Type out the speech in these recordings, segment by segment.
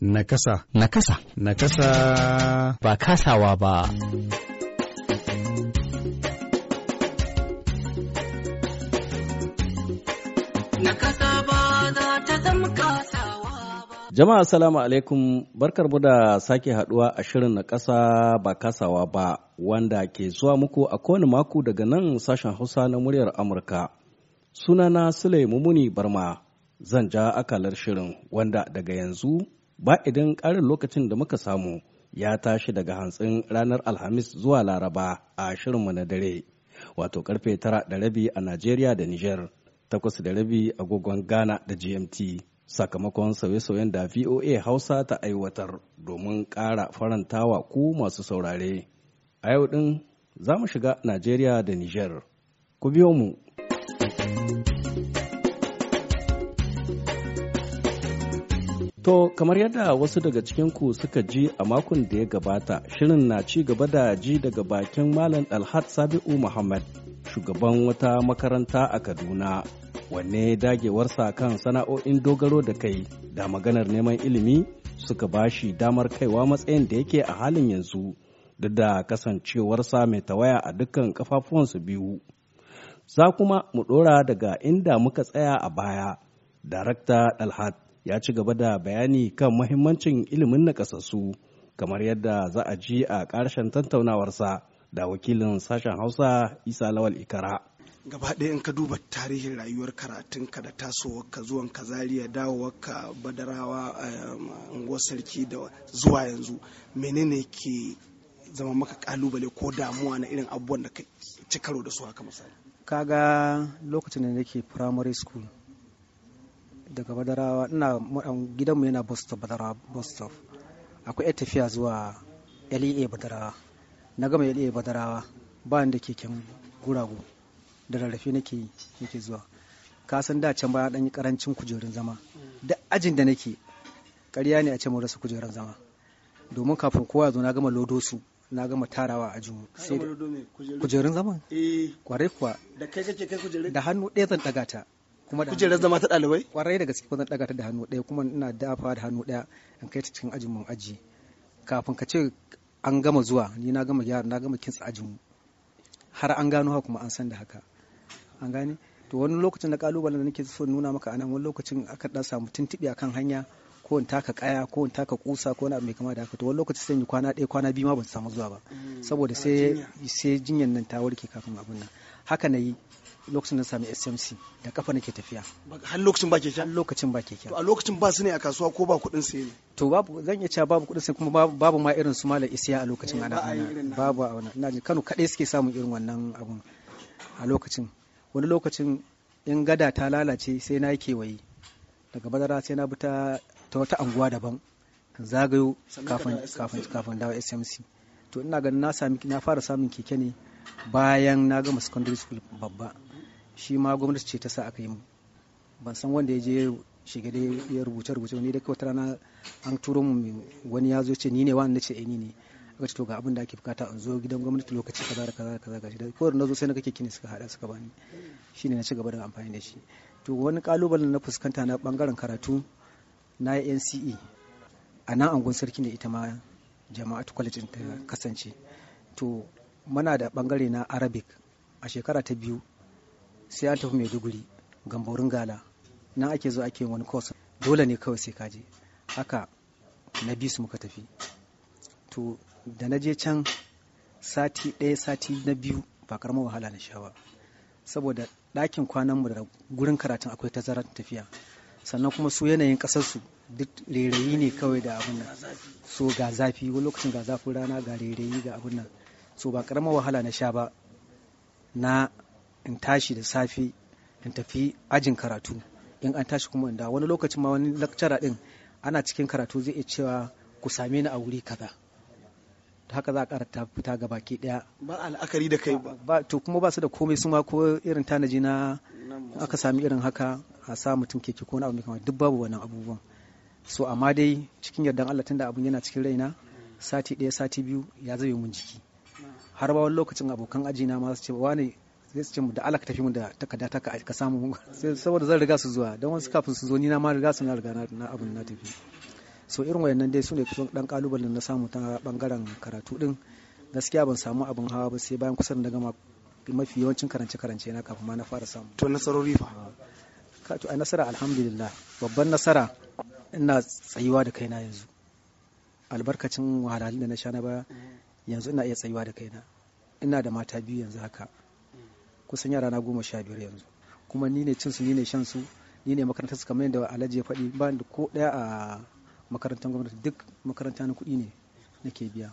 Nakasa. Nakasa. Nakasa. Ba kasawa ba. kasa ba za ta zama kasawa ba. Jama'a salamu alaikum barkar Muda, da sake haduwa a shirin na kasa ba kasawa ba wanda ke zuwa muku a kowane mako daga nan sashen hausa na muryar Amurka. Sunana Sule Mumuni Barma zan ja akalar shirin wanda daga yanzu ba idan ƙarin lokacin da muka samu ya tashi daga hantsin ranar alhamis zuwa laraba a shirinmu na dare wato karfe tara da rabi a najeriya da niger takwas da rabi agogon ghana da gmt sakamakon sauye-sauyen da voa hausa ta aiwatar domin ƙara farantawa ku masu saurare a yau ɗin za mu shiga najeriya da niger ku biyo mu To kamar yadda wasu daga cikinku suka ji a makon da ya gabata shirin na ci gaba da ji daga bakin Malam Alhad Sabi'u Muhammad shugaban wata makaranta a Kaduna wanne dagewarsa kan sana'o'in dogaro da kai da maganar neman ilimi suka bashi damar kaiwa matsayin da yake a halin yanzu duk da kasancewarsa mai tawaya a dukkan kafafuwansu biyu. Za kuma mu ɗora daga inda muka tsaya a baya, Darakta Dalhat ya ci gaba da bayani kan mahimmancin ilimin nakasassu kamar yadda za a ji a ƙarshen tattaunawarsa da wakilin sashen hausa isa lawal ikara gaba ɗaya in ka duba tarihin rayuwar karatunka da tasowarka zuwan ka zariya dawowarka badarawa um, a sarki da zuwa yanzu menene ke zama maka kalubale ko damuwa na irin abubuwan da ka ci karo da su haka misali kaga lokacin da nake primary school daga badarawa ina um, gidanmu yana bostof badarawa bostof akwai yar tafiya zuwa lea badarawa na gama lea badarawa ba da keken guragu da rarrafe nake nake zuwa ka san da can baya dan yi karancin kujerun zama da ajin da nake ƙarya ne a can mu rasa kujerun zama domin kafin kowa ya zo na gama lodo su na gama tarawa a jumu sai kujerun zama eh. kwarai kuwa da kai kake kai kujerun da hannu ɗaya zan ɗaga ta kuma da kujerar zama ta ɗalibai kwarai da gaske zan daga ta da hannu ɗaya kuma ina dafa da hannu ɗaya in kai ta cikin ajin mun aji kafin ka ce an gama zuwa ni na gama gyara na gama kintsa ajin har an gano ha kuma an san da haka an gane to wani lokacin da kalubalen da nake so nuna maka anan wani lokacin aka dan samu tuntubi akan hanya ko in taka kaya ko in taka kusa ko wani mai kama da haka to wani lokacin sai ni kwana ɗaya kwana biyu ma ban samu zuwa ba mm. saboda sai sai jinyan nan ta warke kafin abin nan haka na yi lokacin da sami smc da kafa nake tafiya har lokacin ba keke har lokacin ba keke to a lokacin ba su ne a kasuwa ko ba kuɗin saye ne to babu zan iya cewa babu kuɗin saye kuma babu ma irin su malam isiya a lokacin eh, ana babu a wannan ina ji Kano kadai suke samun irin wannan abun a lokacin wani lokacin in gada ta lalace sai na kewayi daga bazara sai na bi ta wata anguwa daban zagayo kafin kafin kafin dawo smc to ina ganin na fara samun keke ne bayan na gama secondary school babba shi ma gwamnati ce ta sa aka yi mu ban san wanda ya je shiga da ya rubuce rubuce ne da kawai rana an turo mu wani ya zo ce ni ne wani na ce eh ni ne aka ce to ga abin da ake bukata an zo gidan gwamnati lokaci kaza da kaza da kaza gashi da kawai na zo sai na kake kini suka hada suka bani shi ne na ci gaba da amfani da shi to wani kalubalen na fuskanta na bangaren karatu na NCE a nan angon sarki ne ita ma jama'a jama'atu college ta kasance to muna da bangare na arabic a shekara ta biyu sai an tafi maiduguri gamborin gala nan ake zo ake wani kwas dole ne kawai sai kaje haka na bi su muka tafi to da na je can sati ɗaya sati na biyu ba karamar wahala na sha ba saboda ɗakin kwanan mu da gurin karatun akwai tazarar tafiya sannan kuma su yanayin ƙasarsu duk rairayi ne kawai da abin nan so ga zafi wani lokacin ga zafin rana ga rairayi ga abin nan so ba karamar wahala na sha ba na in tashi da safe in tafi ajin karatu in an tashi kuma da wani lokacin ma wani lakcara din ana cikin karatu zai iya cewa ku same ni a wuri kaza ta haka za a ƙara ta fita ga baki ɗaya ba al'akari da kai ba to kuma ba su da komai su ma ko irin tanaji na aka sami irin haka a sa mutum keke ko na abu kamar duk babu wannan abubuwan so amma dai cikin yardan Allah tunda abun yana cikin raina sati ɗaya sati biyu ya zabe mun jiki har ba wani lokacin abokan aji na ma su ce wani sai su ce mu da alaka tafi mu da takarda ta ka samu saboda zan riga su zuwa don wasu kafin su zo ni na ma riga su na riga na abin na tafi so irin wayannan dai sune kusan dan kalubalen na samu ta bangaren karatu din gaskiya ban samu abin hawa ba sai bayan kusan da gama mafi yawancin karance karance na kafin ma na fara samu to nasarori fa ka to ai nasara alhamdulillah babban nasara ina tsayuwa da kaina yanzu albarkacin wahalhalun da na sha na baya yanzu ina iya tsayuwa da kaina ina da mata biyu yanzu haka kusan yara na goma sha biyar yanzu kuma ni ne cinsu ni ne shan su ni ne makaranta su kamar yadda alhaji ya faɗi ba da ko ɗaya a makarantar gwamnati duk makaranta na kuɗi ne nake biya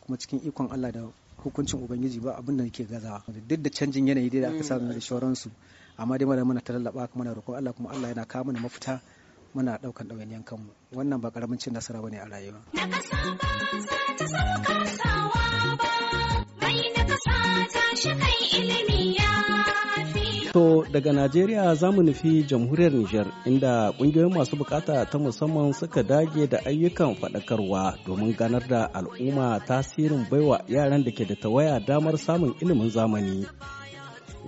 kuma cikin ikon Allah da hukuncin ubangiji ba abin da nake gazawa duk da canjin yanayi dai da aka samu da su amma dai mana muna talallaba kuma na roƙon Allah kuma Allah yana kawo mana mafita muna ɗaukan ɗawainiyan kanmu wannan ba ƙaramin cin nasara ne a rayuwa. To daga Najeriya za mu nufi jamhuriyar Nijar inda ƙungiyoyin masu bukata ta musamman suka dage da ayyukan faɗakarwa domin ganar da al'umma tasirin baiwa yaran da ke da tawaya damar samun ilimin zamani.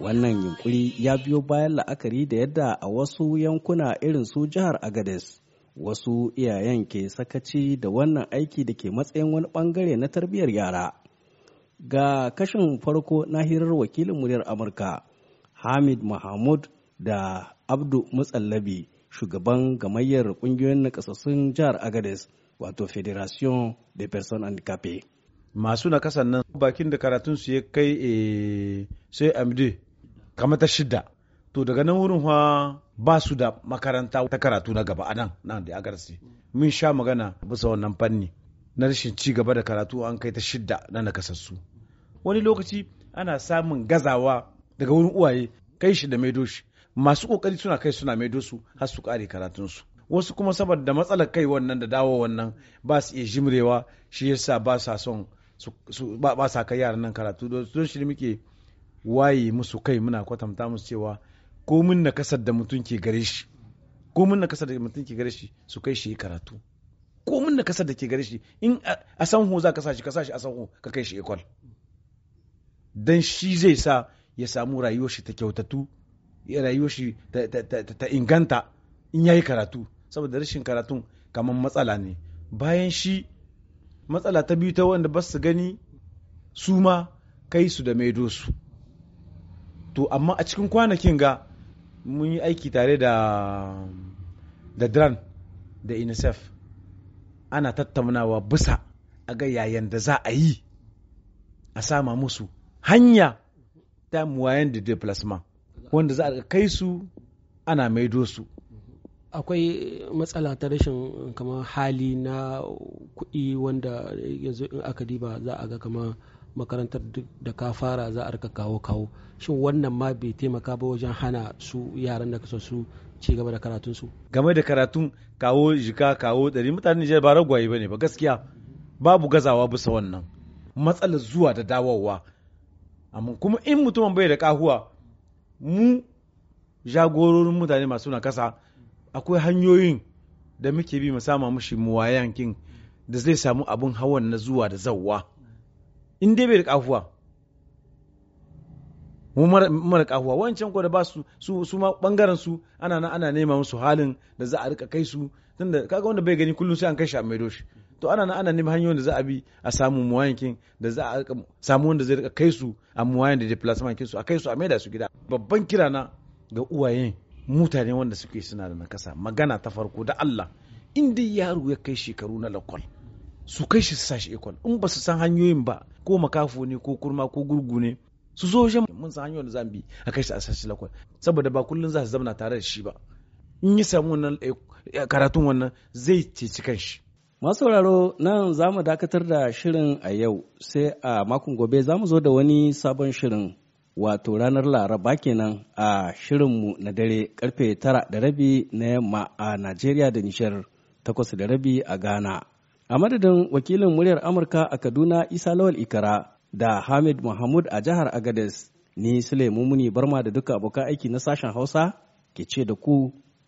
Wannan yunkuri ya biyo bayan la'akari da yadda a wasu yankuna irin su jihar Agades. Wasu iyayen ke sakaci da wannan aiki da ke matsayin wani bangare na tarbiyyar yara. Ga kashin farko na hirar wakilin muryar Amurka. hamid mahmud da abdu mutsallabi shugaban gamayyar kungiyoyin nakasassun jihar agades wato federation de personnes handicapées masu nakasan nan bakin da karatun su ya kai eh, sai amd kamar ta shida to daga nan wurin fa ba su da makaranta ta karatu na gaba anan nan da agarsi mun sha magana bisa wannan fanni na rashin ci gaba da karatu an kai ta shidda na nakasassu wani lokaci ana samun gazawa daga wurin uwaye kai shi da maido shi masu kokari suna kai suna maido su har su kare karatunsu wasu kuma saboda matsalar kai wannan da dawo wannan ba su iya jimrewa shi yasa ba sa son ba sa kai yaran nan karatu don shi muke waye musu kai muna kwatanta musu cewa ko mun na kasar da mutum ke gare shi ko mun na kasar da mutum ke gare shi su kai shi karatu mun na kasar da ke gare shi in a san ho za ka sa shi ka sa shi a san ho ka kai shi ikwal dan shi zai sa ya samu rayuwarshi ta kyautatu rayuwar shi ta inganta in ya yi karatu saboda rashin karatun kamar matsala ne bayan shi matsala ta biyu ta wanda ba su gani su ma kai su da maido su to amma a cikin kwanakin ga mun yi aiki tare da da dran da unicef ana tattaunawa bisa a ga yayan da za a yi a sama musu hanya ta moyen de déplacement wanda za a kai su ana maido su akwai matsala ta rashin kama hali na kuɗi wanda yanzu in aka diba za a ga kama makarantar da ka fara za a rika kawo kawo shin wannan ma bai taimaka ba wajen hana su yaran da kasa su ci gaba da karatun su game da karatun kawo jika kawo dari mutane Nijar ba ragwaye ne ba gaskiya babu gazawa bisa wannan matsalar zuwa da dawowa amma kuma in mutumin bai da kahuwa mu jagororin mutane masu na kasa akwai hanyoyin da muke bi mu mushi muwayankin da zai samu abin hawan na zuwa da zawwa in dai bai da kahuwa mu mara kahuwa wancan ko da ba su su ma bangaren su ana ana nema musu halin da za a rika kai su tunda kaga wanda bai gani kullum sai an kai shi a maido shi to ana na ana nemi hanyoyin da za a bi a samu muwayankin da za a samu wanda zai kai su a muwayan da deplasman su a kai su a maida su gida babban kirana ga uwayen mutane wanda suke suna da nakasa magana ta farko da Allah in dai yaro ya kai shekaru na lakwal su kai shi su sashi ikon in ba su san hanyoyin ba ko makafo ne ko kurma ko gurgu ne su zo shi mun san hanyoyin da za bi a kai shi a sashi lakwal saboda ba kullun za su zama tare da shi ba in yi samu wannan eh, karatun wannan zai ceci kanshi Masu Masauraro nan za mu dakatar da shirin a yau sai a makon gobe za mu zo da wani sabon shirin wato ranar laraba kenan a shirinmu na dare karfe tara da rabi na yamma a Najeriya da Nishar takwas da rabi a Ghana. A madadin wakilin muryar Amurka a Kaduna Isa Lawal Ikara da Hamid Mahmud a jihar Agades ni Sule Mumuni Barma da duka abokan aiki na sashen Hausa ke ce da ku